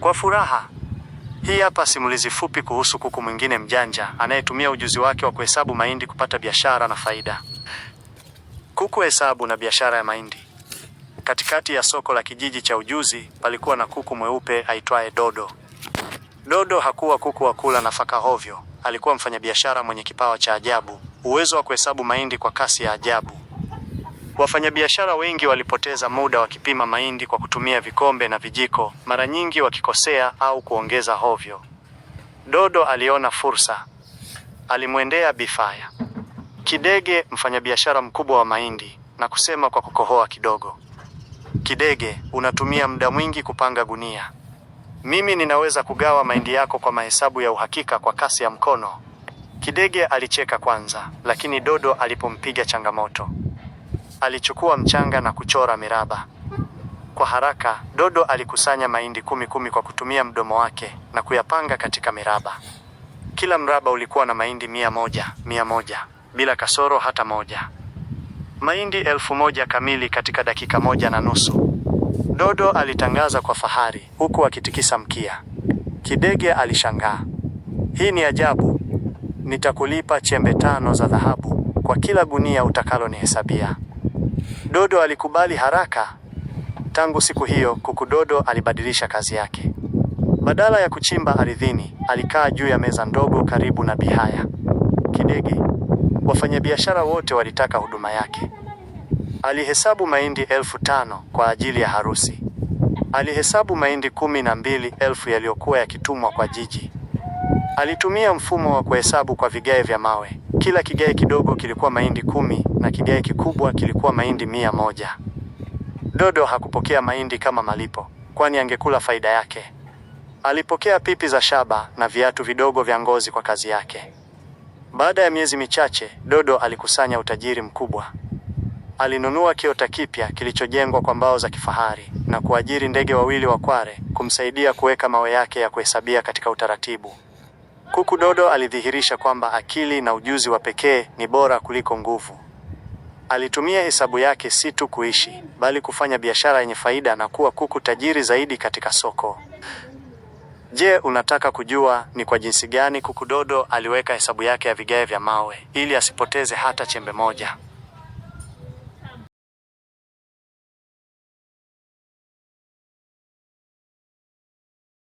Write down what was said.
kwa furaha. Hii hapa simulizi fupi kuhusu kuku mwingine mjanja anayetumia ujuzi wake wa kuhesabu mahindi kupata biashara na faida. Kuku hesabu na biashara ya mahindi. Katikati ya soko la kijiji cha Ujuzi palikuwa na kuku mweupe aitwaye Dodo. Dodo hakuwa kuku wa kula nafaka hovyo, alikuwa mfanyabiashara mwenye kipawa cha ajabu, uwezo wa kuhesabu mahindi kwa kasi ya ajabu. Wafanyabiashara wengi walipoteza muda wakipima mahindi kwa kutumia vikombe na vijiko, mara nyingi wakikosea au kuongeza hovyo. Dodo aliona fursa. Alimwendea Bifaya Kidege, mfanyabiashara mkubwa wa mahindi, na kusema kwa kukohoa kidogo, Kidege, unatumia muda mwingi kupanga gunia. Mimi ninaweza kugawa mahindi yako kwa mahesabu ya uhakika kwa kasi ya mkono. Kidege alicheka kwanza, lakini Dodo alipompiga changamoto Alichukua mchanga na kuchora miraba kwa haraka. Dodo alikusanya mahindi kumi kumi kwa kutumia mdomo wake na kuyapanga katika miraba. Kila mraba ulikuwa na mahindi mia moja mia moja bila kasoro hata moja, mahindi elfu moja kamili katika dakika moja na nusu. Dodo alitangaza kwa fahari huku akitikisa mkia. Kidege alishangaa. Hii ni ajabu. Nitakulipa chembe tano za dhahabu kwa kila gunia utakalonihesabia. Dodo alikubali haraka. Tangu siku hiyo, kuku Dodo alibadilisha kazi yake. Badala ya kuchimba ardhini, alikaa juu ya meza ndogo karibu na Bihaya. kidege wafanyabiashara wote walitaka huduma yake. Alihesabu mahindi elfu tano kwa ajili ya harusi. Alihesabu mahindi kumi na mbili elfu yaliyokuwa yakitumwa kwa jiji. Alitumia mfumo wa kuhesabu kwa vigae vya mawe. Kila kigae kidogo kilikuwa mahindi kumi na kigae kikubwa kilikuwa mahindi mia moja. Dodo hakupokea mahindi kama malipo, kwani angekula faida yake. Alipokea pipi za shaba na viatu vidogo vya ngozi kwa kazi yake. Baada ya miezi michache, Dodo alikusanya utajiri mkubwa. Alinunua kiota kipya kilichojengwa kwa mbao za kifahari na kuajiri ndege wawili wa kware kumsaidia kuweka mawe yake ya kuhesabia katika utaratibu. Kuku Dodo alidhihirisha kwamba akili na ujuzi wa pekee ni bora kuliko nguvu. Alitumia hesabu yake si tu kuishi, bali kufanya biashara yenye faida na kuwa kuku tajiri zaidi katika soko. Je, unataka kujua ni kwa jinsi gani Kuku Dodo aliweka hesabu yake ya vigae vya mawe ili asipoteze hata chembe moja?